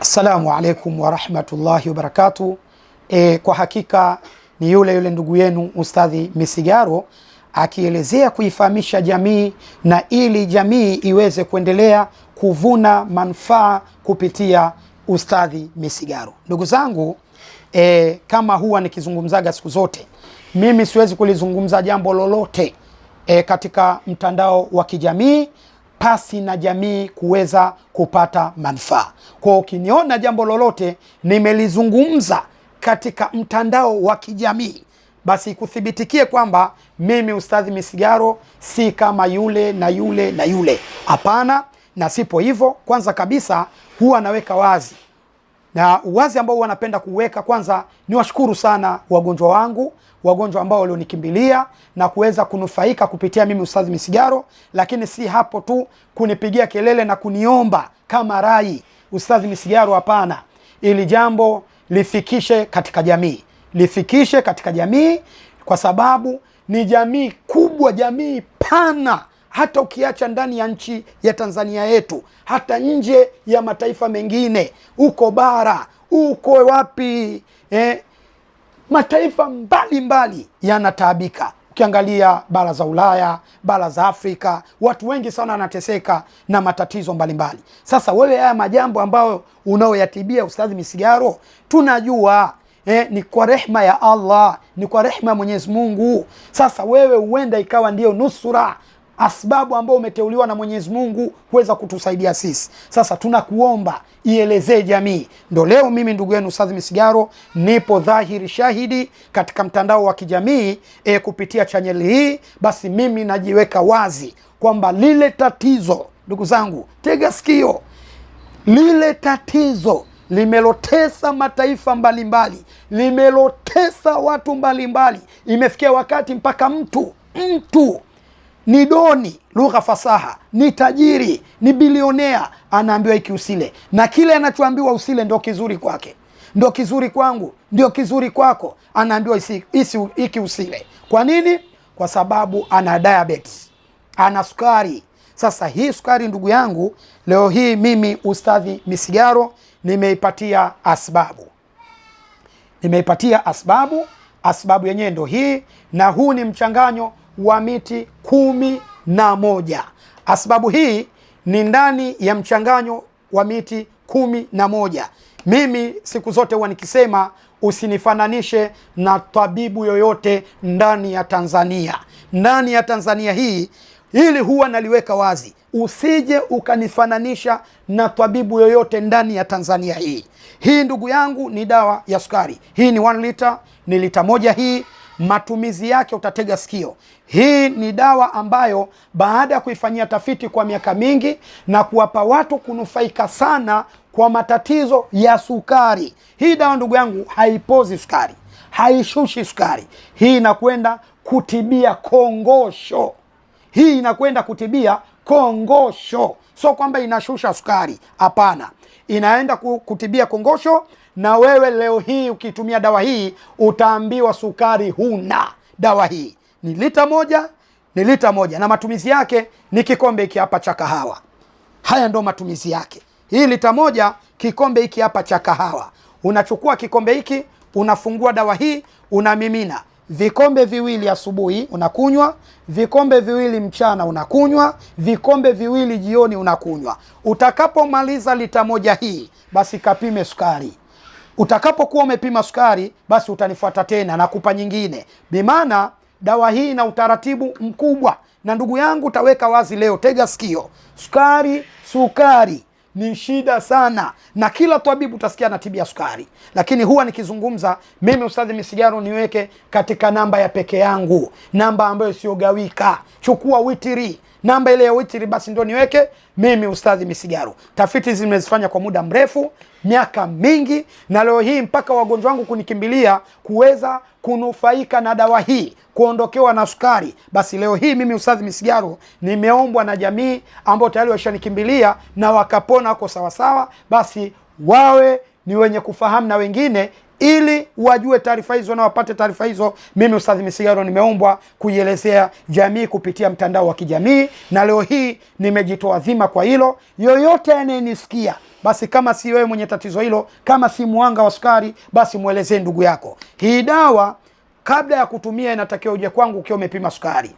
Assalamu alaikum warahmatullahi wabarakatu. E, kwa hakika ni yule yule ndugu yenu Ustadhi Misigaro akielezea kuifahamisha jamii na ili jamii iweze kuendelea kuvuna manufaa kupitia Ustadhi Misigaro. Ndugu zangu, e, kama huwa nikizungumzaga siku zote, mimi siwezi kulizungumza jambo lolote e, katika mtandao wa kijamii pasi na jamii kuweza kupata manufaa. Kwa ukiniona jambo lolote nimelizungumza katika mtandao wa kijamii basi kuthibitikie kwamba mimi Ustadhi Misigaro si kama yule na yule na yule. Hapana, na sipo hivyo. Kwanza kabisa huwa naweka wazi na uwazi ambao wanapenda kuweka, kwanza ni washukuru sana wagonjwa wangu, wagonjwa ambao walionikimbilia na kuweza kunufaika kupitia mimi Ustadh Misigaro. Lakini si hapo tu kunipigia kelele na kuniomba kama rai Ustadh Misigaro, hapana, ili jambo lifikishe katika jamii, lifikishe katika jamii, kwa sababu ni jamii kubwa, jamii pana hata ukiacha ndani ya nchi ya Tanzania yetu, hata nje ya mataifa mengine, uko bara, uko wapi eh? Mataifa mbalimbali yanataabika. Ukiangalia bara za Ulaya, bara za Afrika, watu wengi sana wanateseka na matatizo mbalimbali mbali. Sasa wewe haya majambo ambayo unaoyatibia Ustadhi Misigaro, tunajua eh, ni kwa rehma ya Allah, ni kwa rehma ya Mwenyezi Mungu. Sasa wewe huenda ikawa ndiyo nusura asbabu ambayo umeteuliwa na Mwenyezi Mungu kuweza kutusaidia sisi. Sasa tunakuomba ielezee jamii. Ndo leo mimi ndugu yenu Ustadh Misigaro nipo dhahiri shahidi katika mtandao wa kijamii e, kupitia chaneli hii, basi mimi najiweka wazi kwamba lile tatizo, ndugu zangu, tega sikio, lile tatizo limelotesa mataifa mbalimbali mbali, limelotesa watu mbalimbali mbali. Imefikia wakati mpaka mtu mtu ni doni lugha fasaha, ni tajiri, ni bilionea, anaambiwa hiki usile, na kile anachoambiwa usile ndo kizuri kwake, ndo kizuri kwangu, ndio kizuri kwako, anaambiwa hiki usile. Kwa nini? Kwa sababu ana diabetes, ana sukari. Sasa hii sukari, ndugu yangu, leo hii mimi Ustadhi Misigaro nimeipatia asbabu, nimeipatia asbabu. Asbabu yenyewe ndo hii, na huu ni mchanganyo wa miti kumi na moja. Asbabu hii ni ndani ya mchanganyo wa miti kumi na moja. Mimi siku zote huwa nikisema usinifananishe na tabibu yoyote ndani ya Tanzania. Ndani ya Tanzania hii, hili huwa naliweka wazi, usije ukanifananisha na tabibu yoyote ndani ya Tanzania hii. Hii ndugu yangu ni dawa ya sukari. Hii ni 1 liter, ni lita moja hii matumizi yake utatega sikio. Hii ni dawa ambayo baada ya kuifanyia tafiti kwa miaka mingi na kuwapa watu kunufaika sana kwa matatizo ya sukari. Hii dawa ndugu yangu haipozi sukari, haishushi sukari. Hii inakwenda kutibia kongosho. Hii inakwenda kutibia kongosho, sio kwamba inashusha sukari, hapana. Inaenda kutibia kongosho na wewe leo hii ukitumia dawa hii utaambiwa sukari huna. Dawa hii ni lita moja, ni lita moja, na matumizi yake ni kikombe hiki hapa cha kahawa. Haya ndo matumizi yake, hii lita moja, kikombe hiki hapa cha kahawa. Unachukua kikombe hiki, unafungua dawa hii, unamimina vikombe viwili asubuhi unakunywa, vikombe viwili mchana unakunywa, vikombe viwili jioni unakunywa. Utakapomaliza lita moja hii, basi kapime sukari. Utakapokuwa umepima sukari, basi utanifuata tena na kupa nyingine. Bimaana dawa hii na utaratibu mkubwa, na ndugu yangu, utaweka wazi leo, tega sikio. Sukari, sukari ni shida sana, na kila tabibu utasikia na tibia sukari, lakini huwa nikizungumza mimi Ustadhi Misigaro niweke katika namba ya peke yangu, namba ambayo isiyogawika. Chukua witiri Namba ile ya witiri basi ndio niweke mimi Ustadhi Misigaro. Tafiti hizi nimezifanya kwa muda mrefu, miaka mingi, na leo hii mpaka wagonjwa wangu kunikimbilia kuweza kunufaika na dawa hii, kuondokewa na sukari. Basi leo hii mimi Ustadhi Misigaro nimeombwa na jamii ambao tayari washanikimbilia na wakapona, wako sawasawa, basi wawe ni wenye kufahamu na wengine ili wajue taarifa hizo na wapate taarifa hizo. Mimi Ustadhi Misigaro nimeumbwa kuielezea jamii kupitia mtandao wa kijamii, na leo hii nimejitoa dhima kwa hilo. Yoyote anayenisikia basi, kama si wewe mwenye tatizo hilo, kama si mwanga wa sukari, basi mwelezee ndugu yako. Hii dawa kabla ya kutumia, inatakiwa uje kwangu ukiwa umepima sukari.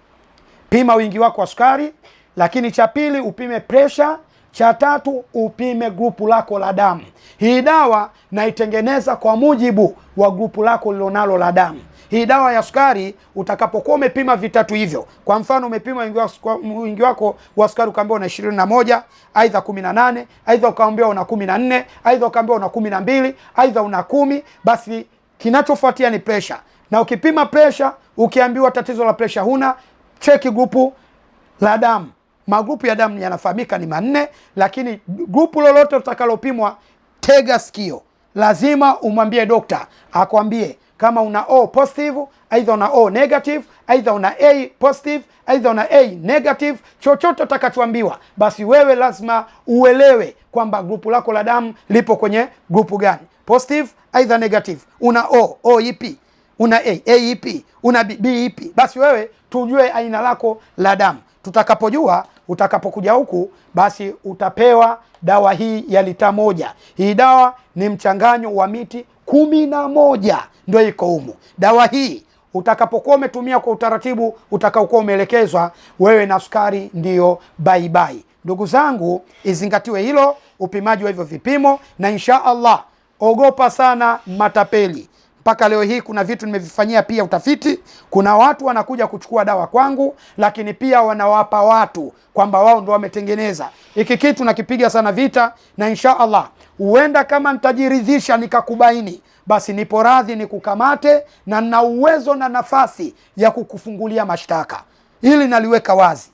Pima wingi wako wa sukari, lakini cha pili upime presha, cha tatu upime grupu lako la damu. Hii dawa naitengeneza kwa mujibu wa grupu lako lilonalo la damu. Hii dawa ya sukari utakapokuwa umepima vitatu hivyo, kwa mfano umepima wingi wako wa sukari ukaambiwa una ishirini na moja aidha kumi na nane aidha ukaambiwa una kumi na nne aidha ukaambiwa una kumi na mbili aidha una kumi, basi kinachofuatia ni presha. Na ukipima presha ukiambiwa tatizo la presha huna, cheki grupu la damu. Magrupu ya damu yanafahamika ni manne, lakini grupu lolote utakalopimwa tega sikio, lazima umwambie dokta akwambie kama una O positive, aidha una O negative, aidha una A positive, aidha una A negative, chochote utakachoambiwa, basi wewe lazima uelewe kwamba grupu lako la damu lipo kwenye grupu gani, positive aidha negative. Una O, O ipi? Una A, A ipi? Una B, B ipi? Basi wewe tujue aina lako la damu, tutakapojua utakapokuja huku, basi utapewa dawa hii ya lita moja. Hii dawa ni mchanganyo wa miti kumi na moja ndio iko humu. Dawa hii utakapokuwa umetumia kwa utaratibu utakaokuwa umeelekezwa, wewe na sukari ndiyo baibai. Ndugu zangu, izingatiwe hilo, upimaji wa hivyo vipimo, na insha Allah, ogopa sana matapeli mpaka leo hii kuna vitu nimevifanyia pia utafiti. Kuna watu wanakuja kuchukua dawa kwangu, lakini pia wanawapa watu kwamba wao ndo wametengeneza hiki kitu. Nakipiga sana vita, na insha Allah huenda kama nitajiridhisha nikakubaini, basi nipo radhi nikukamate, na nina uwezo na nafasi ya kukufungulia mashtaka. Hili naliweka wazi.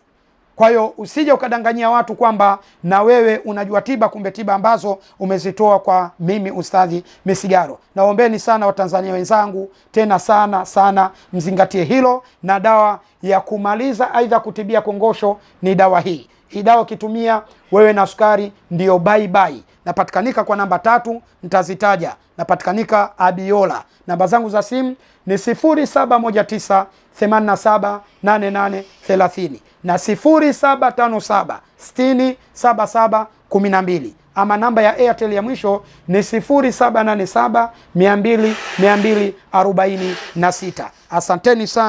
Kwa hiyo usije ukadanganyia watu kwamba na wewe unajua tiba, kumbe tiba ambazo umezitoa kwa mimi Ustadhi Misigaro. Naombeni sana Watanzania wenzangu, tena sana sana mzingatie hilo, na dawa ya kumaliza aidha kutibia kongosho ni dawa hii hii dawa ukitumia wewe na sukari ndio bye bye. Napatikanika kwa namba tatu nitazitaja, napatikanika Abiola. Namba zangu za simu ni 0719878830 30 na 0757677712, ama namba ya Airtel ya mwisho ni 0787200246. Asanteni sana.